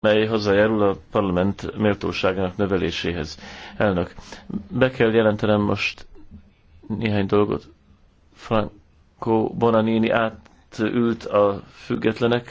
mely hozzájárul a parlament méltóságának növeléséhez. Elnök, be kell jelentenem most néhány dolgot. Franco Bonanini átült a függetlenek